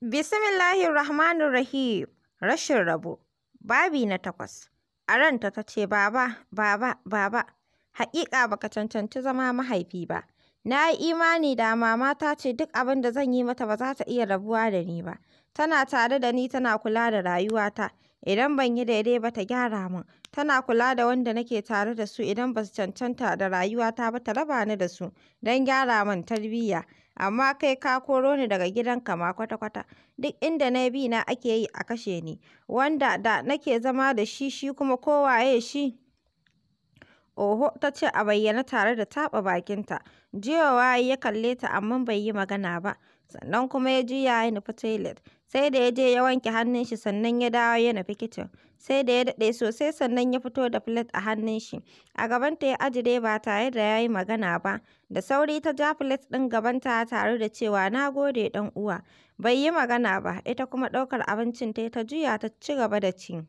Bismillahirrahmanirrahim. Rashin rabo. Babi na takwas. A ranta ta ce, Baba, Baba, Baba, haƙiƙa ba ka cancanci zama mahaifi ba. Na yi imani da mama ta ce duk abin da zan yi mata ba za ta iya rabuwa da ni ba. Tana tare da ni tana kula da rayuwata. Idan ban yi daidai ba ta gyara min. Tana kula da wanda nake tare da su idan ba su cancanta da rayuwata ba ta raba ni da su don gyara min tarbiyya. amma kai ka koro ni daga gidanka ma kwata-kwata, duk inda na bi na ake yi a kashe ni, wanda da nake zama da shi shi kuma ko waye shi? Oho, ta ce a bayyana tare da taɓa bakinta. waye ya kalle ta amma bai yi magana ba, sannan kuma ya juya ya nufi toilet. sai da ya je ya wanke hannun shi sannan ya dawo ya nufi kicin. Sai da ya daɗe sosai sannan ya fito da filet a hannun shi. A gabanta ya ajiye ba tare da ya yi magana ba. Da sauri ta ja filet ɗin gabanta tare da cewa na gode ɗan uwa. Bai yi magana ba, ita kuma ɗaukar abincin ta ta juya ta ci gaba da ci.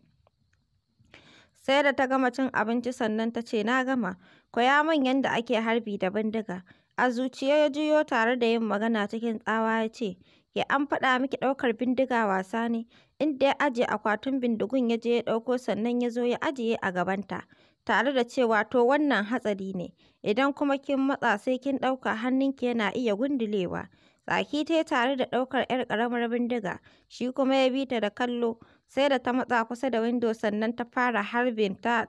Sai da ta gama cin abinci sannan ta ce na gama, koya min yadda ake harbi da bindiga. A zuciye ya juyo tare da yin magana cikin tsawa ya ce, Ke an faɗa miki ɗaukar bindiga wasa ne, inda ya ajiye akwatin bindigun ya je ya ɗauko sannan ya zo ya ajiye a gabanta, tare da cewa to wannan hatsari ne, idan kuma kin matsa sai kin ɗauka hannunki yana iya gundulewa. Tsaki ta tare da ɗaukar 'yar ƙaramar bindiga, shi kuma ya bi ta da kallo, sai da ta matsa kusa da windo sannan ta fara harbin ta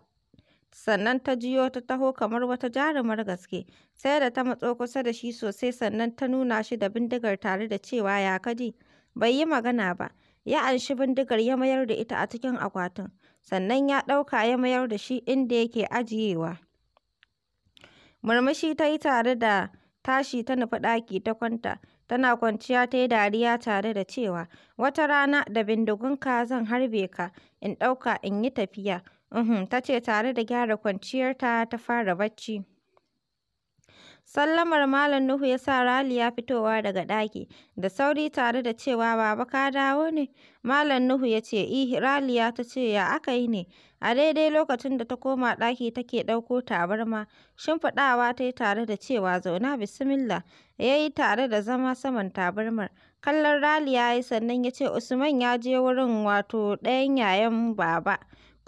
sannan ta jiyo ta taho kamar wata jarumar gaske, sai da ta matso kusa da shi sosai sannan ta nuna shi da bindigar tare da cewa ya kaji. Bai yi magana ba, ya anshi bindigar ya mayar da ita a cikin akwatin, sannan ya ɗauka ya mayar da shi inda yake ajiyewa. Murmushi ta yi tare da tashi ta nufi ɗaki ta kwanta, tana kwanciya ta yi dariya tare da cewa, wata rana da bindigunka zan harbe ka, in ɗauka in yi tafiya. Uhum, ta ce tare da gyara kwanciyarta ta fara bacci. Sallamar Malam Nuhu ya sa Raliya fitowa daga ɗaki, da sauri tare da cewa Baba ka dawo ne? Malam Nuhu ya ce, "Ih, eh, Raliya ta ce, ya aka yi ne?" A daidai lokacin da ta koma ɗaki take ɗauko tabarma, shimfiɗawa ta yi tare da cewa zauna bismillah, ya yi tare da zama saman tabarmar. Kallon Raliya ya yi sannan ya ce, Usman ya je wurin wato ɗayan yayan Baba.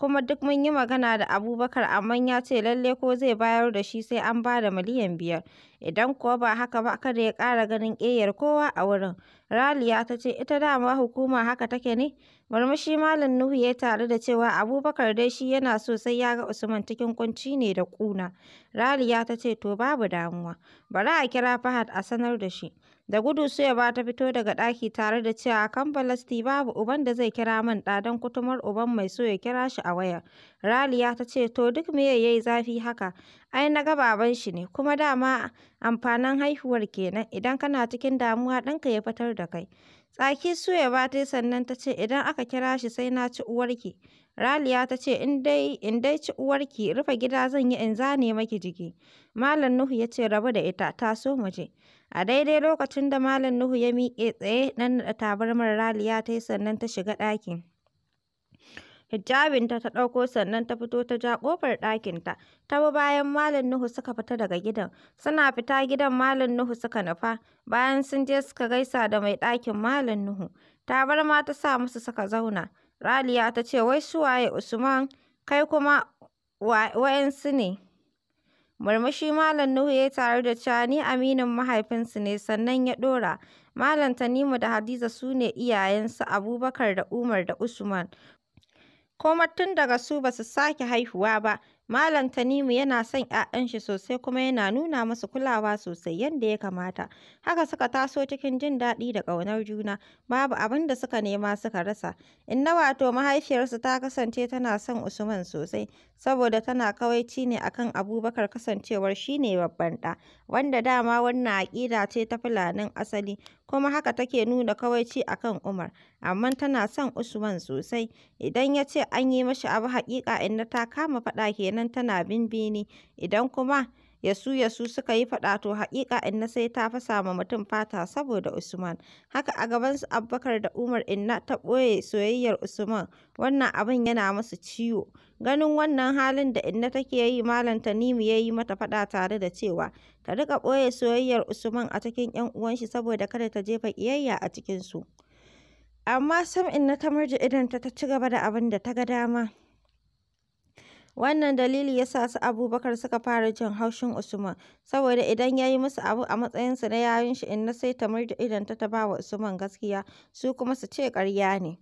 kuma duk mun yi magana da Abubakar amma ya ce lalle ko zai bayar da shi sai an ba da miliyan biyar, idan kuwa ba haka ba kada ya ƙara ganin ƙeyar kowa a wurin. Raliya ta ce ita dama hukuma haka take ne? Murmushi Malam Nuhu ya tare da cewa Abubakar dai shi yana so sai ya ga Usman cikin kunci ne da ƙuna. Raliya ta ce to babu damuwa, bari a kira Fahad a sanar da shi. Da gudu ba ta fito daga ɗaki tare da cewa kan balasti babu uban da zai kira man ɗa kutumar uban mai so ya kira shi a waya. Raliya ta ce to duk me yayi zafi haka? Ai na ga baban shi ne kuma dama amfanin haihuwar kenan idan kana cikin damuwa ɗanka ya fitar da kai. Tsaki suya ta sannan ta ce idan aka kira shi sai na ci uwarki. Raliya ta ce in dai in dai ci uwarki rufe gida zan yi in zane maki jiki. Malam Nuhu ya ce rabu da ita taso mu je. A daidai lokacin da Malam Nuhu ya miƙe tsaye, da tabarmar Raliya ta yi sannan ta shiga ɗakin. Hijabinta ta ɗauko sannan ta fito ta ja ƙofar ɗakinta. Ta bi bayan Malam Nuhu suka fita daga gidan. Suna fita gidan Malam Nuhu suka nufa. Bayan sun je suka gaisa da mai ɗakin Malam Nuhu. Tabarma ta sa musu suka zauna. Raliya ta ce, wai su waye Usman, kai kuma wa'yansu ne. Murmushi Malam Nuhu ya tare da cewa ni aminin mahaifinsu ne, sannan ya ɗora, Malam Tanimu da Hadiza su ne iyayensu Abubakar da Umar da Usman, Komar tun daga su basu sake haihuwa ba, Malam Tanimu yana son 'ya'yan shi sosai kuma yana nuna musu kulawa sosai yadda ya kamata. Haka suka taso cikin jin daɗi da ƙaunar juna, babu abin da suka nema suka rasa. Inna wato mahaifiyarsu ta kasance tana son Usman sosai, saboda tana kawaici ne akan Abubakar kasancewar shi ne babban ɗa, wanda dama wannan aƙida ce ta Fulanin asali. kuma haka take nuna kawaici a kan Umar, amma tana son Usman sosai, idan ya ce an yi mashi abu haƙiƙa inna ta kama faɗa kenan tana bimbini, idan kuma yasu yasu suka yi fada to haƙiƙa inna sai ta fasa ma mutum fata saboda Usman haka a gaban su Abubakar da Umar inna ta ɓoye soyayyar Usman wannan abin yana musu ciwo ganin wannan halin da inna take yi malam Tanimu ya mata fada tare da cewa ta rika ɓoye soyayyar Usman a cikin 'yan shi saboda kada ta jefa kiyayya a cikin su amma sam inna ta murje idonta ta ci gaba da abin da ta ga dama Wannan dalili ya sa su Abubakar suka fara jin haushin Usman, saboda idan ya yi musu abu a matsayinsa na yayun shi inna sai ta murda idonta ta ba wa Usman gaskiya, su kuma su ce ƙarya ne.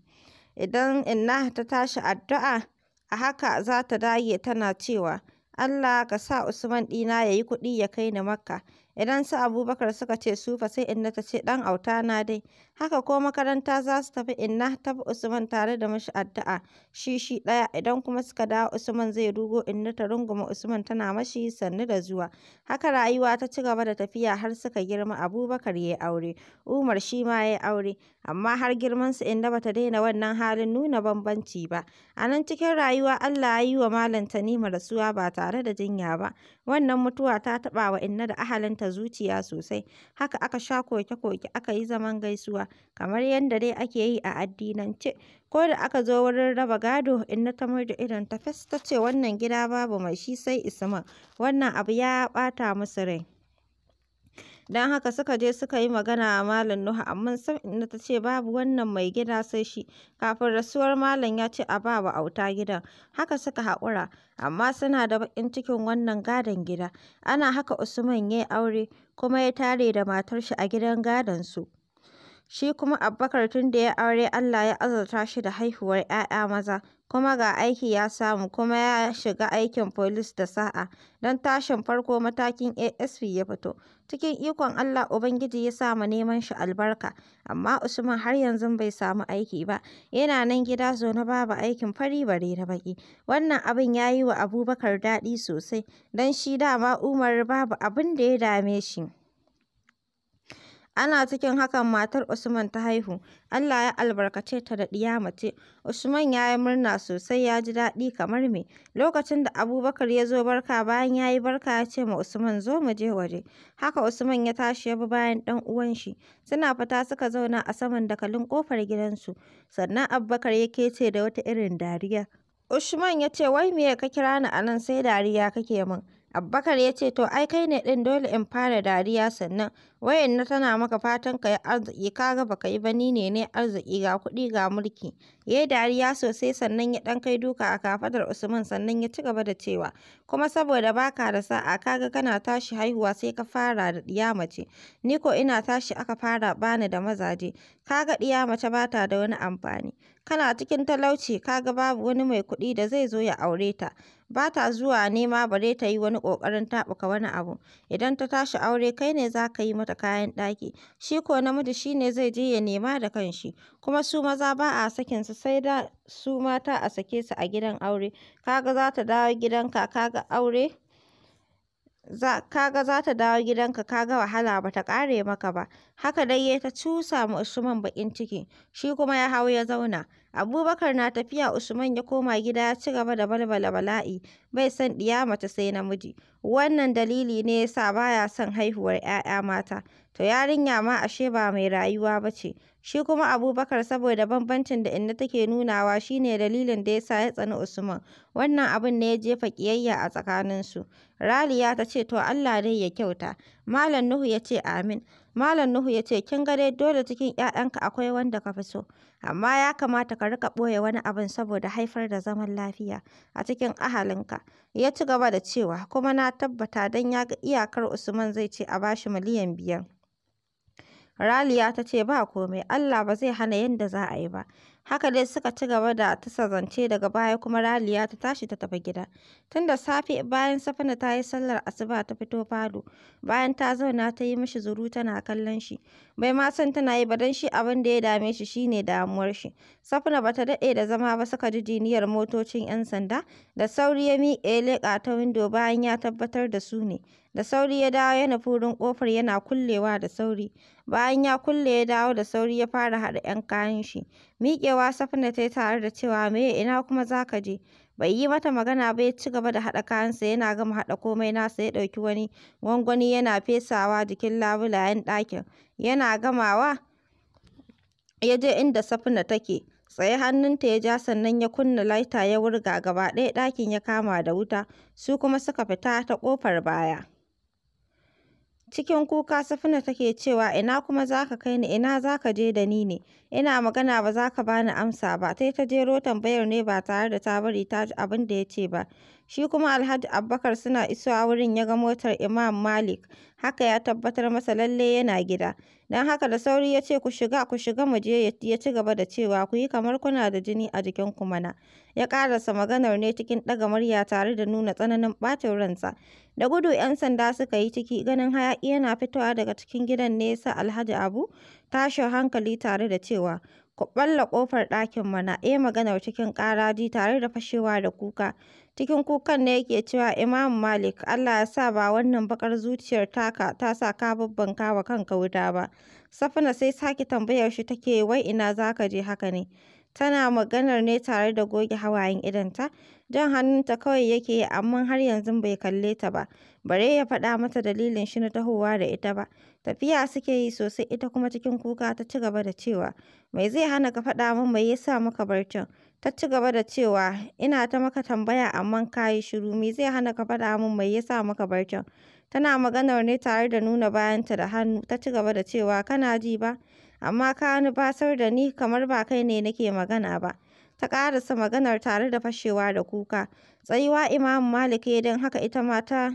Idan inna ta tashi addu'a, a haka za ta dage tana cewa, Allah ka sa Usman ɗina ya yi kuɗi ya kai ni Makka. Idan su Abubakar suka ce sufa sai Inna ta ce 'dan auta na dai. Haka ko makaranta za su tafi Inna ta fi Usman tare da mashi addu'a shi shi ɗaya idan kuma suka dawo Usman zai rugo Inna ta runguma Usman tana mashi sannu da zuwa. Haka rayuwa ta ci gaba da tafiya har suka girma Abubakar ya yi aure, Umar shi ma ya yi aure, amma har girman su Inna bata daina wannan halin nuna bambanci ba. A nan cikin rayuwa Allah ya yi wa Malam Tanima rasuwa ba tare da jinya ba. Wannan mutuwa ta taɓa wa Inna da ahalin ta zuciya sosai, haka aka sha koke-koke aka yi zaman gaisuwa, kamar yadda dai ake yi a addinance, ko da aka zo wurin raba gado, in na ta murɗe irin fes ta ce wannan gida babu mai shi sai isma wannan abu ya ɓata musu rai. Don haka suka je suka yi magana a Malam Nuhu, amma sam ta ce babu wannan mai gida sai shi, kafin rasuwar Malam ya ce a ba wa auta gidan, haka suka haƙura, amma suna da baƙin cikin wannan gadon gida. Ana haka Usman ya aure, kuma ya tare da matar shi a gidan gadon su. Shi kuma Abubakar tun da ya aure Allah ya azurta shi da haihuwar ‘ya'ya maza. kuma ga aiki ya samu kuma ya shiga aikin folis da sa'a don tashin farko matakin ASP ya fito, cikin ikon Allah Ubangiji ya sa ma neman shi albarka, amma Usman har yanzu bai samu aiki ba, yana nan gida zaune babu aikin fari bare na baki, wannan abin ya yi wa Abubakar daɗi sosai, don shi dama Umar babu abin da ya dame shi. Ana cikin hakan matar Usman ta haihu. Allah ya albarkace ta da ɗiya mace. Usman ya yi murna sosai ya ji daɗi kamar me. Lokacin da Abubakar ya zo barka bayan ya yi barka ya ce ma Usman zo mu je waje. Haka Usman ya tashi ya bi bayan ɗan uwan shi. Suna fita suka zauna a saman dakalin ƙofar gidansu. Sannan Abubakar ya kece da wata irin dariya. Usman ya ce wai me ka kira ni a nan sai dariya kake min. Abubakar ya ce, to ai kai ne ɗin dole in fara dariya sannan, wayanna na tana maka fatan ka yi arziki ka ga baka yi ba ni ne ne arziki ga kuɗi ga mulki. Ya yi dariya sosai sannan ya ɗan kai duka a kafadar Usman sannan ya ci gaba da cewa, kuma saboda baka da sa'a ka ga kana tashi haihuwa sai ka fara da ɗiya mace, ni ko ina tashi aka fara bani da mazaje, ka ga ɗiya mace ba ta da wani amfani. kana cikin talauci ka ga babu wani mai kuɗi da zai zo ya aure ta. Ba ta zuwa nema bare ta yi wani ƙoƙarin taɓuka wani abu. Idan ta tashi aure kai ne za ka yi mata kayan ɗaki. Shi ko namiji shi ne zai je ya nema da kanshi. Kuma su maza ba a sakin su sai da su mata a sake su a gidan aure. Ka za ta dawo gidanka ka ga aure. kaga za ta dawo gidanka kaga wahala ba ta ƙare maka ba haka dai ya ta cusa ma Usman baƙin ciki shi kuma ya hau ya zauna Abubakar na tafiya Usman ya koma gida ya ci gaba da balbala bala'i, bai san ɗiya mace sai namiji. Wannan dalili ne ya sa ba ya son haihuwar ‘ya'ya mata, to yarinya ma ashe ba mai rayuwa ba ce. Shi kuma Abubakar saboda bambancin da Inna take nunawa shi ne dalilin da ya sa ya tsani Usman, wannan abun ne ya jefa ƙiyayya a tsakaninsu. Raliya ta ce to Allah dai ya kyauta, Malam Nuhu ya ce amin. Malam Nuhu ya ce kin ga dai dole cikin 'ya'yanka akwai wanda ka fi so, amma ya kamata ka rika ɓoye wani abin saboda haifar da zaman lafiya a cikin ahalinka. Ya ci gaba da cewa kuma na tabbata don ya ga iyakar Usman zai ce a bashi miliyan biyar. Raliya ta ce ba komai, Allah ba zai hana yadda za a yi ba. Haka dai suka ci gaba da tasa zance daga baya kuma Raliya ta tashi ta tafi gida. Tun da safe bayan Safina ta yi sallar asuba ta fito falo Bayan ta zauna ta yi mishi zuru tana kallon shi. Bai ma san tana yi ba don shi abin da ya dame shi shine damuwar shi. Safina bata daɗe da zama ba suka ji jiniyar motocin 'yan sanda. Da sauri ya miƙe leƙa ta windo bayan ya tabbatar da su ne. Da sauri ya dawo yana furin wurin ƙofar yana kullewa da sauri. Bayan ya kulle ya dawo da sauri ya fara haɗa 'yan kayan shi. Miƙe cewa Safina ta yi tare da cewa me ina kuma za ka je. Bai yi mata magana ba ya ci gaba da haɗa kayansa yana gama haɗa komai nasa ya ɗauki wani gwangwani yana fesawa jikin labulayen ɗakin. Yana gamawa ya je inda Safina take. tsaye hannunta ya ja sannan ya kunna laita ya wurga gaba ɗaya ɗakin ya kama da wuta su kuma suka fita ta kofar baya. Cikin kuka Safina take cewa, ina kuma zaka ka kai ni, ina zaka je da ni ne? Ina magana ba za ka bani amsa ba, sai ta jero tambayar ne ba tare da ta bari ta ji abin da ya ce ba. Shi kuma Alhaji Abubakar suna isowa wurin ya ga motar Imam Malik, haka ya tabbatar masa lalle yana gida. Don haka da sauri ya ce ku shiga ku shiga mu je ya ci gaba da cewa ku yi kamar kuna da jini a jikinku mana. Ya karasa maganar ne cikin ɗaga murya tare da nuna tsananin ɓacin ransa. Da gudu 'yan sanda suka yi ciki ganin hayaƙi yana fitowa daga cikin gidan ne ya sa Alhaji Abu tashin hankali tare da cewa balla ƙofar ɗakin mana, iya eh, maganar cikin ƙaraji tare da fashewa da kuka. Cikin kukan ne yake cewa Imam Malik, Allah ya sa ba wannan baƙar zuciyar taka ta sa ka babbanka wa kanka wuta ba. Safina sai sake tambayar shi take wai ina za ka je haka ne. Tana maganar ne tare da goge hawayen idanta Jan hannunta kawai yake yi amma har yanzu bai kalle ta ba, bare ya faɗa mata dalilin shi na tahowa da ita ba. Tafiya suke yi sosai ita kuma cikin kuka ta ci gaba da cewa, "Mai zai hana ka faɗa min mai yasa muka bar can?" Ta ci gaba da cewa, "Ina ta maka tambaya amma ka yi shiru, mai zai hana ka faɗa min mai yasa muka bar can?" Tana maganar ne tare da nuna bayanta da hannu, ta ci gaba da cewa, "Kana ji ba? amma ka nufasar da ni kamar ba kai ne nake magana ba. Ta ƙarasa maganar tare da fashewa da kuka. Tsayuwa imamu Malik ya don haka ita mata ta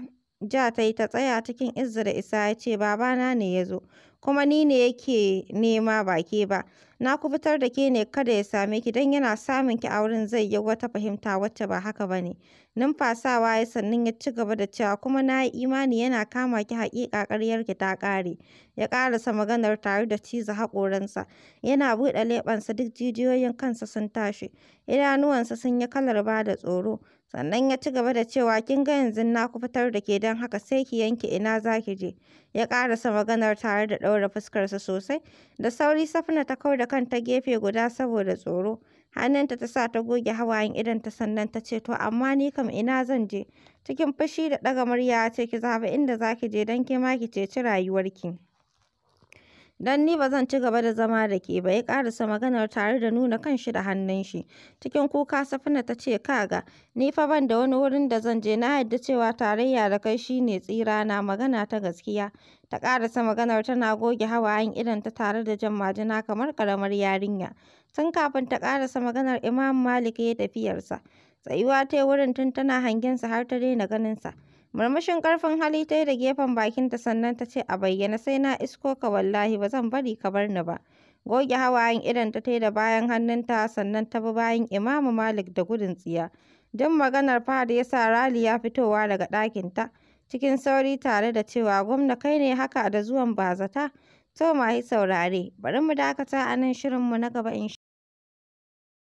ja ta yi ta tsaya cikin izza da isa ya ce babana ne ya zo, kuma ni ne yake nema ba ba. na kubutar da ke ne kada ya same ki don yana samun ki a wurin zai yi wata fahimta wacce ba haka ba ne numfasawa ya sannan ya ci gaba da cewa kuma na yi imani yana kama ki haƙiƙa ƙaryar ki ta ƙare ya ƙarasa maganar tare da ciza haƙoransa yana buɗe leɓensa duk jijiyoyin kansa sun tashi idanuwansa sun yi kalar ba da tsoro sannan ya ci gaba da cewa kin ga yanzu na ku fitar da ke don haka sai ki yanke ina za ki je ya ƙarasa maganar tare da ɗaura fuskarsa sosai da sauri safna ta kau da ta gefe guda saboda tsoro. Hannunta ta sa ta goge hawayen idonta sannan ta ce, To, amma ni kam ina zan je? Cikin fushi da ɗaga murya ya ce, Ki zaɓi inda za ki je don ke ma ki ceci rayuwarki. don ni ba zan ci gaba da zama da ke ba ya karasa maganar tare da nuna kan shi da hannun shi cikin kuka safina ta ce kaga ni fa ban da wani wurin da zan je na yadda cewa tarayya da kai shine tsira na magana ta gaskiya ta karasa maganar tana goge hawayen idan ta tare da jan majina kamar karamar yarinya tun kafin ta karasa maganar imam malik ya tafiyarsa tsayuwa ta wurin tun tana hangensa har ta daina ganinsa Murmushin ƙarfin hali ta yi da gefen bakinta sannan ta ce a bayyane sai na isko ka wallahi ba zan bari ka bar ni ba. Goge hawayen idan ta da bayan hannunta sannan ta bi bayan Imamu Malik da gudun tsiya. Don maganar Fahad ya sa Rali ya fitowa daga ɗakinta cikin sauri tare da cewa gwamna kai ne haka da zuwan bazata. To yi saurare bari mu dakata a nan shirinmu na gaba insha